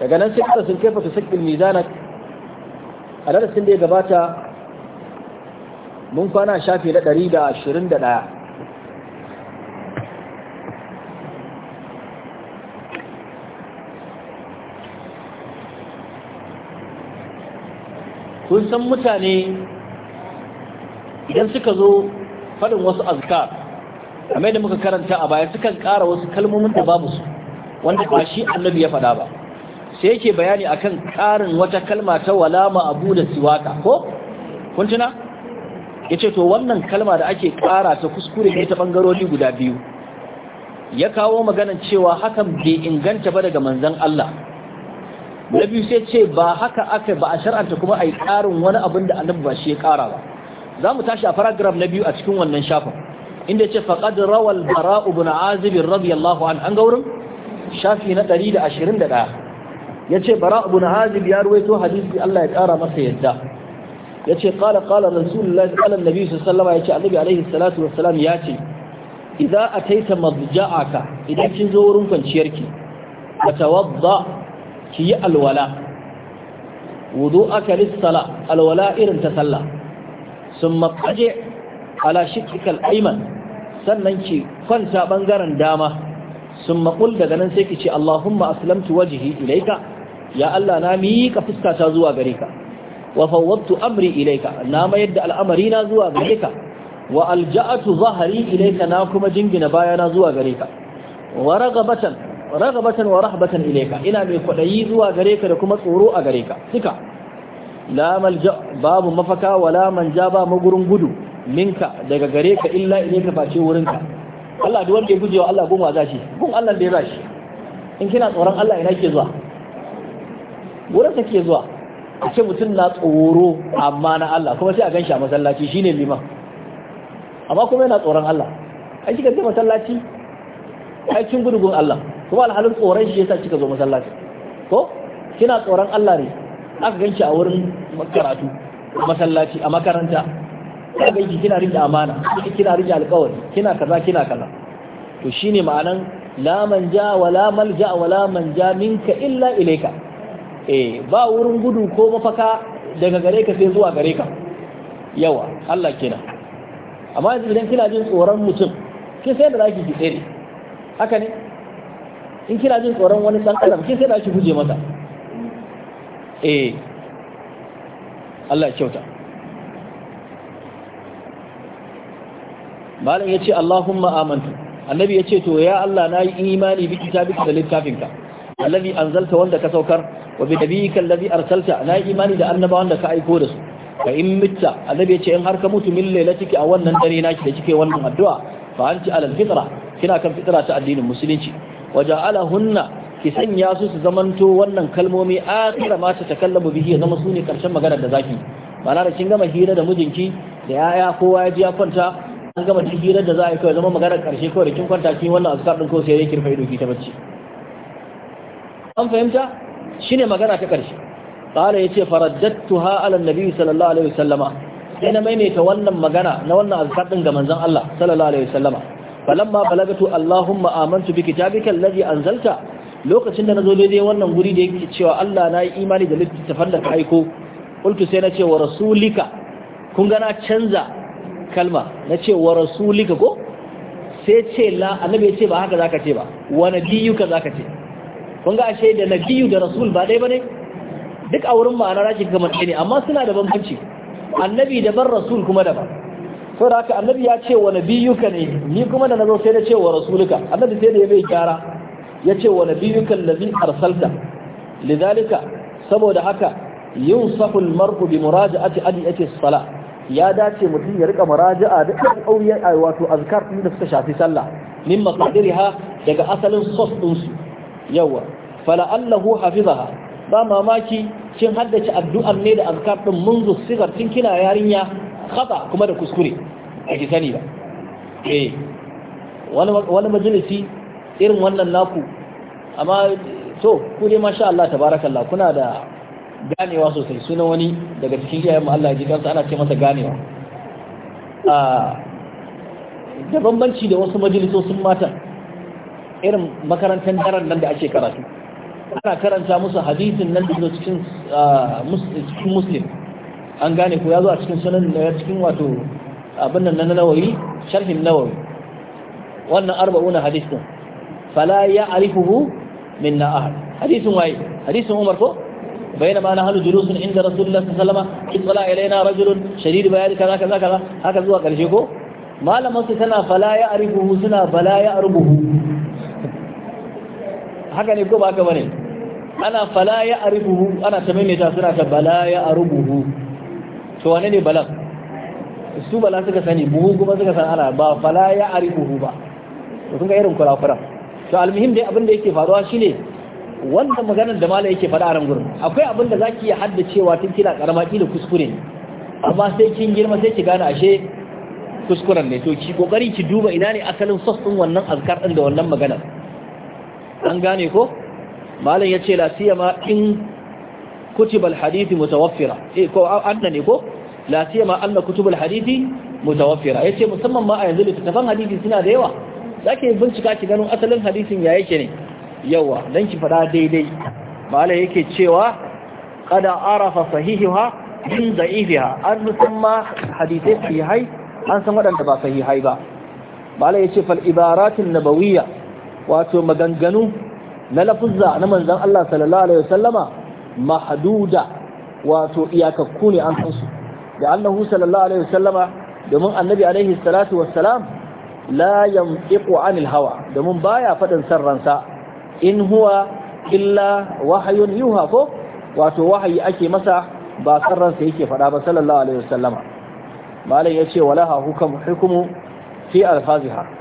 daga nan sai harasin kaifa su sakin mizanak a darasin da ya gabata mun kwana shafi na ɗari da ashirin kun san mutane idan suka zo faɗin wasu azkar amma da muka karanta a baya sukan ƙara wasu kalmomin da babu su wanda ba shi annabi ya faɗa ba sai yake bayani akan karin wata kalma ta wala Abu da siwaka ko kun tuna yace to wannan kalma da ake kara ta kuskure ne ta bangarori guda biyu ya kawo maganar cewa hakan bai inganta ba daga manzon Allah na biyu sai ce ba haka aka ba a shar'anta kuma ai karin wani abin da annabi ba shi ya kara ba za mu tashi a paragraph na biyu a cikin wannan shafin inda ce faqad rawal bara ibn azib radiyallahu an an gaurin shafi na 121 Ya ce bara abu ibn azib ya ruwaito hadisi Allah ya ƙara masa yadda Ya ce yace qala qala rasulullahi qala annabi sallallahu alaihi yace annabi alaihi salatu ya wassalam yace idza ataita madja'aka idan kin zo wurin kwanciyarki fatawadda ki yi alwala wudu'aka aka sala alwala irin ta sallah Sun qaji ala shikkikal ayman sannan ki kwanta bangaren dama Sun qul daga nan sai ki ce Allahumma aslamtu wajihi ilaika. ya Allah na miƙa fuskata zuwa gare ka wa fawwadtu amri ilayka na mayar da al'amari na zuwa gare ka wa alja'atu zahri ilayka na kuma jingina bayana zuwa gare ka wa ragabatan ragabatan wa rahbatan ilayka ina mai kwadayi zuwa gare ka da kuma tsoro a gare ka Suka! la malja babu mafaka wala manja ba magurin gudu minka daga gare ka illa ilayka face wurinka Allah duk wanda ya gujewa Allah gun wa zashi gun Allah da ya zashi in kina tsoron Allah ina ke zuwa wurin take ke zuwa a ce mutum na tsoro amma na Allah kuma sai a ganshi a masallaci shine liman amma kuma yana tsoron Allah ai kika je masallaci ai kin gudugun Allah kuma alhalin tsoron shi yasa kika zo masallaci ko kina tsoron Allah ne aka shi a wurin karatu masallaci a makaranta ya gaji kina rike amana kina rike alƙawari kina kaza kina kaza to shine ma'anan la ja wala malja wala ja minka illa ilayka eh ba wurin gudu ko mafaka daga gare ka sai zuwa gare ka yawa Allah kina amma yanzu idan kina jin tsoron mutum ki sai da zaki ki tsere haka ne in kina jin tsoron wani dan adam ki sai da ki guje masa eh Allah ya kyauta malam yace Allahumma amantu annabi yace to ya Allah na yi imani bi kitabika da littafinka allazi anzalta wanda ka saukar wa bi nabiyyika alladhi arsalta na yi imani da annabawan da ka aiko da su fa in mitta annabi ya in har ka mutu min lailatiki a wannan dare naki da kike wannan addu'a fa anti alal fitra kina kan fitra ta addinin musulunci wa ja'alahunna ki sanya su su zamanto wannan kalmomi akhira ma ta takallamu bihi zama su ne karshen magana da zaki ma'ana da kin gama hira da mijinki da yaya kowa ya ji ya kwanta an gama cikin hirar da za a yi kawai zama magana karshe kawai da kin kwanta kin wannan azkar din ko sai ya kirfa ido ki ta bacci an fahimta shine magana ta karshe qala yace faraddatuha ala nabi sallallahu alaihi wasallama sai na maimaita wannan magana na wannan azkar din ga manzon Allah sallallahu alaihi wasallama falamma balagatu allahumma amantu bi kitabika allazi anzalta lokacin da nazo dai-dai wannan guri da yake cewa Allah na yi imani da littafin da ka aiko qultu sai na ce wa rasulika kun gana canza kalma na ce wa rasulika ko sai ce la annabi ya ce ba haka zaka ce ba wa nabiyuka zaka ce kun ga ashe da nabiyu da rasul ba dai bane duk a wurin ma'anar ake ga mace ne amma suna da bambanci annabi ban rasul kuma daban so da haka annabi ya ce wa nabiyuka ne ni kuma da nazo sai na ce wa rasuluka annabi sai da ya bai gyara ya ce wa nabiyuka allazi arsalta Lidalika saboda haka yunsahu almar'u bi muraja'ati adiyati as-salah ya dace mutum ya rika muraja'a da auriya wato azkar din da suka shafi sallah min maqadirha daga asalin sos din su yawa fala'allahu hafizaha ba mamaki kin haddace addu'ar ne da azkar din munzu sigar tun kina yarinya khata kuma da kuskure a ki sani ba eh wani wani majalisi irin wannan naku amma to ku dai masha Allah tabarakallah kuna da ganewa sosai sunan wani daga cikin iyayen mu Allah ya ji kansa ana ce masa ganewa a ah, da bambanci da wasu majalisosin mata irin makarantar daren nan da ake karatu ana karanta musu hadisin nan da ah, cikin muslim an gane ko ya zo a cikin sunan da eh, cikin wato abin nan na nawawi sharhin nawawi wannan arba'una hadisin din fala ya arifuhu minna ahad hadisin waye hadisin umar ko بينما نحن جلوس عند رسول الله صلى الله عليه وسلم اطلع الينا رجل شديد بياد كذا كذا كذا هكذا zuwa karshe ko malaman su tana fala ya arifuhu suna fala ya haka ne ko ba haka bane ana fala ya arifuhu ana ta maimaita suna ta bala ya arubuhu to wane ne bala su bala suka sani buhu kuma suka san ana ba fala ya arifuhu ba to kun ga irin kurakura to almuhim dai abin da yake faruwa shine wannan maganar da malai yake faɗa a ran gurin akwai abin da zaki iya cewa tun kina karama kila kuskure amma sai kin girma sai ki gane ashe kuskuren ne to ki kokari ki duba ina ne asalin sassun wannan azkar din da wannan maganar an gane ko malam ya ce la siyama in kutubal hadithi mutawaffira eh ko anna ne ko la anna kutubal hadithi mutawaffira yace musamman ma a yanzu littattafan hadithi suna da yawa zaki bincika ki gano asalin hadithin ya yake ne yawa dan ki fada daidai malam yake cewa kada arafa sahihiha min da'ifiha an musamma hadithai sahihai an san wadanda ba sahihai ba malam yace fal ibaratin nabawiyya wato maganganu na lafuzza na manzan Allah sallallahu alaihi wasallama mahduda wato iyakakku ne an san da Allah sallallahu alaihi wasallama domin annabi alaihi salatu wassalam la yantiqu anil hawa domin baya fadin san ransa in huwa illa wahayun yuha ko wato wahayi ake masa ba san ransa yake faɗa ba sallallahu alaihi wasallama malam yace walaha hukum hukumu fi alfaziha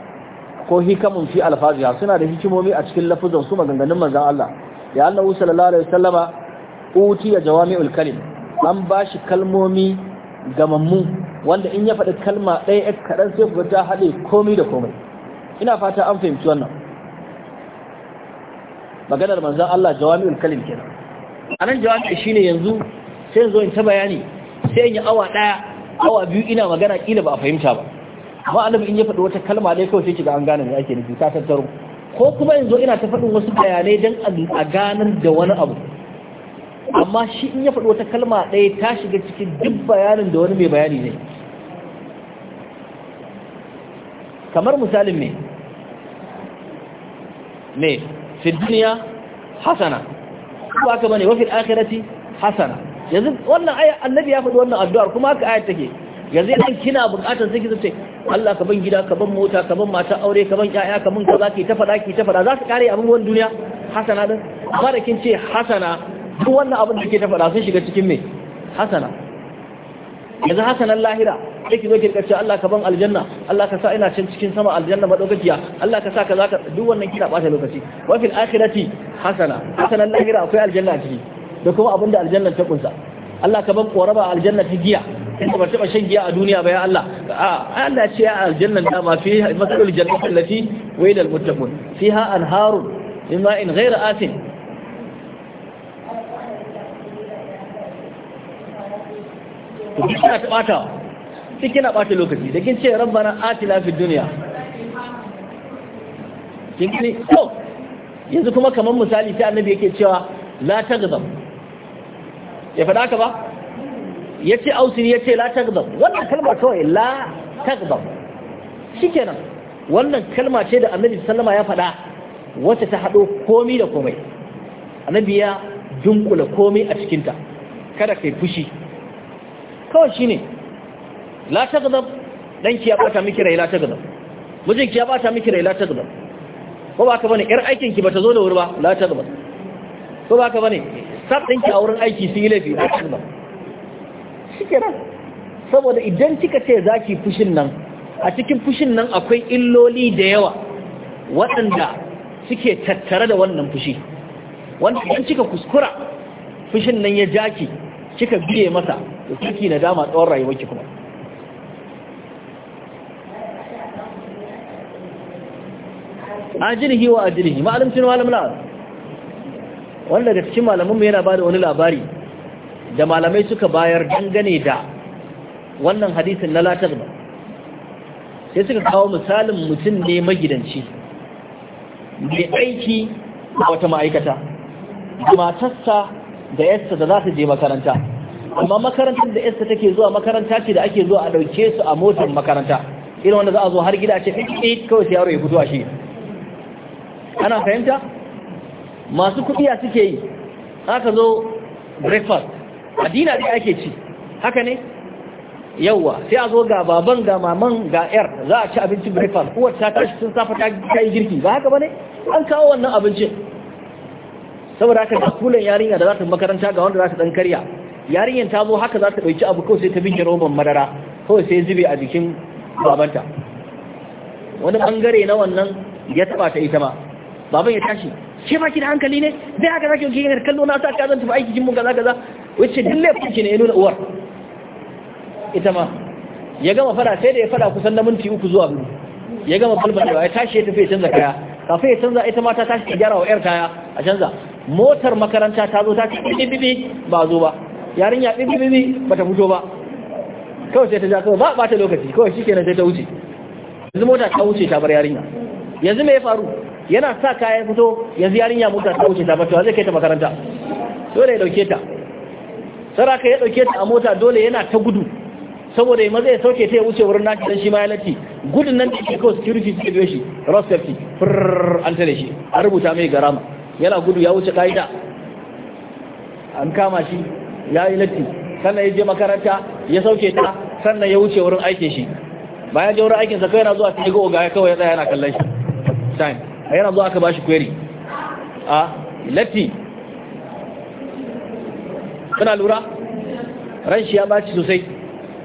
ko hikamun fi alfaziya suna da hikimomi a cikin lafuzan su maganganun manzon Allah ya annahu sallallahu alaihi wasallama utiya jawami'ul kalim an bashi kalmomi gamammu wanda in ya faɗi kalma ɗaya ɗaya kaɗan sai kuma ta haɗe komai da komai ina fata an fahimci wannan maganar manzan Allah jawami'ul kalim kenan anan jawami ne yanzu sai yanzu in ta bayani sai in yi awa ɗaya awa biyu ina magana kila ba a fahimta ba amma annabi in ya faɗi wata kalma dai kawai sai kiga an gane me ake nufi ta tattaro ko kuma yanzu ina ta faɗin wasu bayanai dan a ganin da wani abu amma shi in ya faɗi wata kalma ɗaya ta shiga cikin duk bayanin da wani mai bayani ne kamar misalin me me fi duniya hasana ko aka bane wa fi akhirati hasana yanzu wannan aya annabi ya faɗi wannan addu'ar kuma haka ayyata take yanzu idan kina buƙatar sai ki zuce Allah ka ban gida ka ban mota ka ban mata aure ka ban ƴaƴa ka mun kaza zaki ta faɗa ki ta faɗa za su kare abubuwan duniya hasana din amma da kin ce hasana duk wannan abin da kike ta faɗa sun shiga cikin me hasana yanzu hasanan lahira ki zo ki ce Allah ka ban aljanna Allah ka sa ina cin cikin sama aljanna madaukakiya Allah ka sa ka zaka duk wannan kina bata lokaci wa fil akhirati hasana hasanan lahira akwai aljanna a ciki da kuma da aljanna ta kunsa Allah ka ban koraba aljanna ta giya inda ba taba shan giya a duniya ba ya Allah a Allah ce ya aljanna da ma fi masalul jannati allati waydal muttaqun fiha anharun min ma'in ghayra asin to kina ta bata kina bata lokaci da kin ce rabbana atina fid dunya kin kini to yanzu kuma kamar misali sai annabi yake cewa la tagzam ya faɗa ka ba ya ce ausir ya ce la tagzab wannan kalma kawai la tagzab shikenan wannan kalma ce da annabi sallama ya faɗa wacce ta haɗo komi da komai annabi ya dunkula komai a cikinta kada kai fushi kawai shine la tagzab dan ki ya bata miki rai la tagzab mijin ki ya bata miki rai la tagzab ko ba ka bane yar aikin ki bata zo da wuri ba la tagzab ko ba ka bane sab din ki a wurin aiki sun yi laifi la tagzab kenan saboda idan kika ce zaki fushin nan a cikin fushin nan akwai illoli da yawa waɗanda suke tattare da wannan fushi wanda idan kika kuskura fushin nan ya jaki kika biye masa to kiki nadama tsawon rayuwarki kuma ajilihi wa ajilihi ma'alimcin malamin wanda da cikin malamin mu yana bada wani labari da malamai suka bayar dangane da wannan hadisin na latar ba sai suka kawo misalin mutum ne magidanci mai aiki a wata ma'aikata matarsa da yasta da za ta je makaranta amma makarantar da yasta take zuwa makaranta ce da ake zuwa a ɗauke su a motar makaranta irin wanda za a zo har gida a ce kawai sai yaro ya fito a shi ana fahimta masu kuɗi a suke yi aka zo breakfast madina dai ake ci haka ne yawa sai a zo ga baban ga maman ga yar za a ci abincin breakfast uwar ta tashi sun safa ta kai girki ba haka bane an kawo wannan abincin saboda haka ga kulan yarinya da za ta makaranta ga wanda za ta dan karya yarinyar ta zo haka za ta dauki abu kawai sai ta binke roban madara kawai sai zube a jikin babanta wani bangare na wannan ya taba ta ita ma baban ya tashi ke ba ki da hankali ne dai haka zaki yi kallo na ka zanta ba aiki jin mun kaza kaza wacce duk laifin ki ne ya nuna uwar ita ma ya gama fada sai da ya fada kusan na minti uku zuwa biyu ya gama falbalewa ya tashi ya tafi ya canza kaya kafin ya canza ita ma ta tashi ta gyara wa yar kaya a canza motar makaranta ta zo ta ce bibibi ba zo ba yarinya bibibi ba ta fito ba kawai sai ta ja kawai ba ba ta lokaci kawai shi kenan sai ta wuce yanzu mota ta wuce ta bar yarinya yanzu me ya faru yana sa kaya ya fito yanzu yarinya mota ta wuce ta bar to zai kai ta makaranta dole ya dauke ta ka ya dauke ta a mota dole yana ta gudu saboda yi maza ya sauke ta ya wuce wurin naki dan shi ma ya latti gudun nan da ke kawo security ta biyo shi road safety furr an tare shi an rubuta mai garama yana gudu ya wuce ka'ida an kama shi ya yi latti sannan ya je makaranta ya sauke ta sannan ya wuce wurin aiki shi bayan je wurin aikinsa kai yana zuwa ta ga oga kawai ya tsaya yana kallon shi time yana zuwa aka bashi query a ah, latti kana lura ran shi ya baci sosai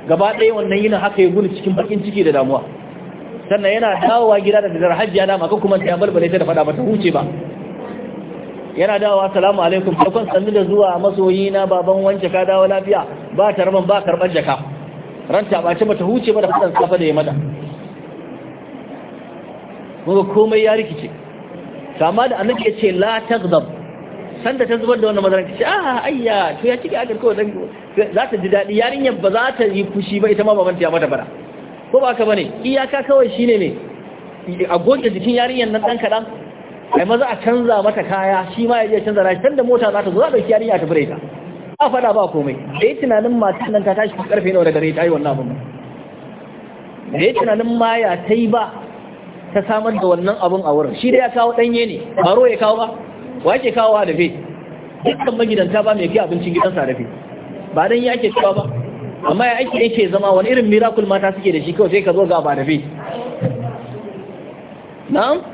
gaba ɗaya wannan yinin haka ya gudu cikin bakin ciki da damuwa sannan yana dawowa gida da dare ya dama ko kuma ta balbale ta da fada bata huce ba yana dawowa salamu alaikum farkon sannu da zuwa masoyi na baban wance ka dawo lafiya ba tarban ba karban jaka ran ta ba ta huce ba da fadan safa da ya mata kuma komai ya rikice kama da annabi ya ce la taghdab sanda ta zubar da wannan mazarin ta ce a ah, ayya to ya cike agar kawai dan za ta ji dadi yarinyar ba za ta yi fushi ba ita ma babanta ya mata bara ko ba ka bane iyaka kawai shine ne a goge jikin yarinyar nan dan kaɗan ai maza a canza mata kaya shi ma ya je canza rashi Tanda mota za ta zo za ɗauki yarinya ta fure ta a faɗa ba komai da yi tunanin matan nan ta tashi karfe nawa da dare ta yi wannan abun da yi tunanin ma ya ta yi ba ta samar da wannan abun a wurin shi da ya kawo ɗanye ne baro ya kawo ba wa ke kawo harafe dukkan magidanta ba mai kai abincin gidansa harafe ba dan ya ake cewa ba amma ya ake yake zama wani irin miracle mata suke da shi kawai sai ka zo ga ba harafe na'am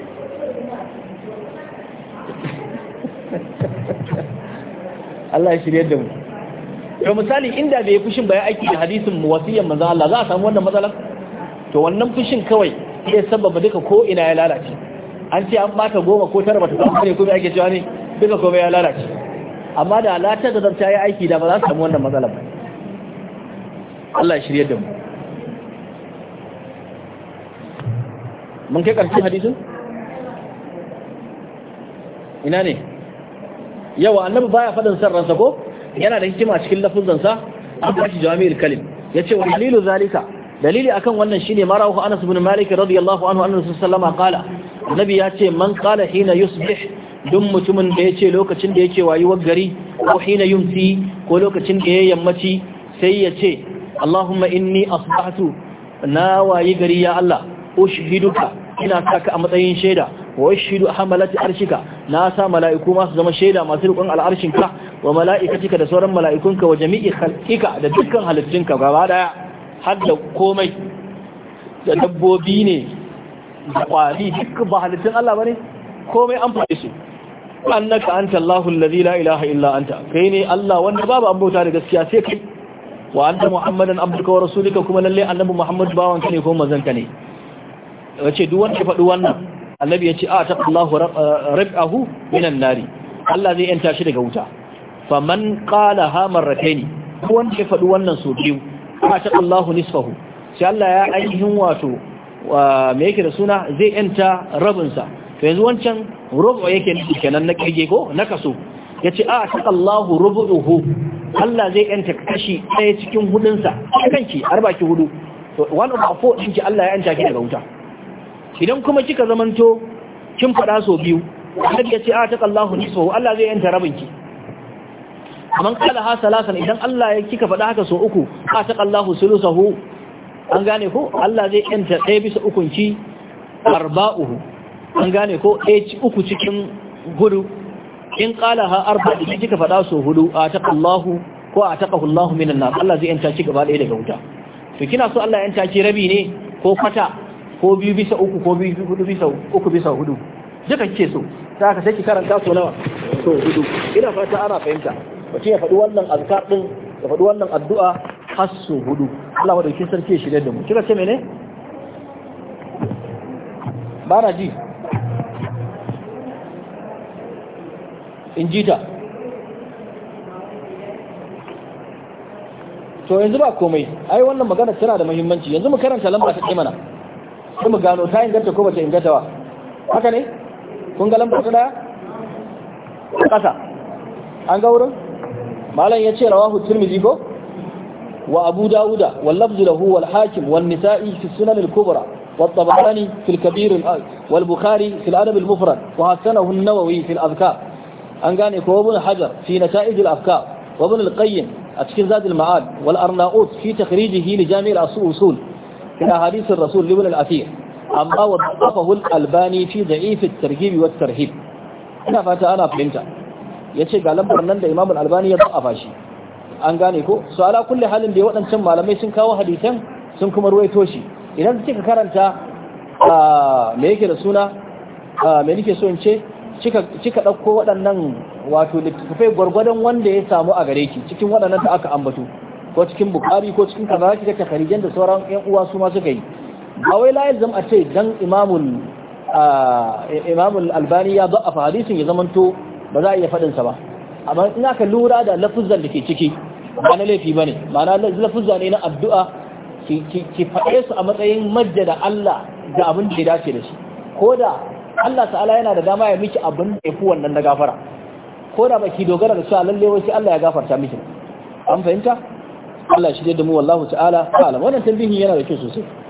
Allah ya shirye da mu to misali inda bai yi fushin bayan aiki da hadisin wasiyyar manzo Allah za a samu wannan matsalar to wannan fushin kawai zai sababa duka ko ina ya lalace an ce an bata goma ko tara bata samu ne kuma ake cewa ne duka kuma ya lalace amma da latar da zamta ya aiki da ba za su samu wannan matsala ba Allah ya shirya da mu mun kai ƙarshen hadisin ina ne yawa annabi baya faɗin san ransa ko yana da hikima cikin lafuzansa an bashi jami'ul kalim ce wa dalilu zalika dalili akan wannan shine marahu Anas ibn Malik radiyallahu anhu annabi sallallahu alaihi wasallam qala annabi ya ce man qala hina yusbih duk mutumin da ya ce lokacin da yake wayuwar gari ko hina yunsi ko lokacin da ya yammaci sai ya ce Allahumma inni asbahtu na wayi gari ya Allah ushhiduka ina saka a matsayin shaida wa ashhadu hamalati arshika na sa mala'iku masu zama shaida masu rikon al'arshinka wa mala'ikatika da sauran mala'ikunka wa jami'i khalqika da dukkan halittunka gaba daya har da komai da dabbobi ne da kwari duk ba halittun Allah bane komai an faɗi shi annaka anta Allahu allazi la ilaha illa anta kai ne Allah wanda babu an bauta da gaskiya sai kai wa anta muhammadan abduka wa rasulika kuma lalle annabi muhammad bawanka ne ko manzon ka ne wace duk wanda ya faɗi wannan annabi ya ce a ta Allahu rab'ahu eh, minan nari Allah zai yanta shi daga wuta faman qala ha marrataini ko wanda ya faɗi wannan so biyu a ta Allahu nisfahu sai Allah ya ainihin wato me yake da suna zai yanta rabinsa to yanzu wancan rubu yake nufi kenan na kage ko na kaso ya ce a saka Allahu rubu'uhu Allah zai yanta kashi ɗaya cikin hudunsa kanki arbaki hudu to one of four din ki Allah ya yanta ki daga wuta idan kuma kika zamanto kin fada so biyu har ya ce a saka Allahu nisfahu Allah zai yanta rabinki kaman kala ha salasan idan Allah ya kika fada haka so uku a saka Allahu sulusahu an gane ko Allah zai yanta ɗaya bisa ukunci arba'uhu an gane ko ɗaya uku cikin gudu in ƙala ha arba da kika faɗa so hudu a Allahu, ko a Allahu minan nar Allah zai yanta ci gaba ɗaya daga wuta to kina so Allah yanta ci rabi ne ko kwata ko biyu bisa uku ko biyu hudu bisa uku bisa hudu duka kike so ta haka sai ki karanta so nawa so hudu ina fata ana fahimta mutum ya faɗi wannan azkar din ya faɗi wannan addu'a har so hudu Allah wa dauki sarki shirye da mu Kira ce mene bara ji in ji ta to yanzu ba komai ai wannan magana tana da muhimmanci yanzu mu karanta lamba ta mana sai mu gano ta inganta ko bata inganta ba haka ne kun ga lamba ta da ƙasa an ga wurin malam ya ce rawahu Tirmidhi ko وأبو داود واللفظ له والحاكم والنسائي في السنن الكبرى والطبراني في الكبير والبخاري في الأدب المفرد وحسنه النووي في الأذكار أنقاني وابن حجر في نتائج الأفكار وابن القيم أتشكل زاد المعاد والأرناؤوت في تخريجه لجامع الأصول إلى حديث الرسول لابن الأثير أما وضعفه الألباني في ضعيف الترهيب والترهيب ina fata ana fahimta ya ce ga lambar nan da imamul albani ya zaɓa fashi an gane ko su ala kulli halin da waɗancan malamai sun kawo hadisan sun kuma ruwaito shi idan kika karanta me yake da suna me nake so in ce kika ɗauko waɗannan wato littattafai gwargwadon wanda ya samu a gare ki cikin waɗannan da aka ambato ko cikin bukari ko cikin kaza ki ta karijan da sauran 'yan uwa su ma suka yi ba wai la yalzam a ce dan imamul imamul albani ya da'afa hadisin ya zamanto ba za a iya faɗin sa ba amma in aka lura da lafuzan da ke ciki ba na laifi bane ma'ana Mana ne na addu'a ki faɗe su a matsayin majjada Allah da abin da ya dace da shi ko da Allah ta'ala yana da dama ya miki abin da ya fi wannan na gafara ko da baki dogara da cewa lalle wai sai Allah ya gafarta miki an fahimta Allah shi da mu wallahu ta'ala ta'ala wannan tambihin yana da kyau sosai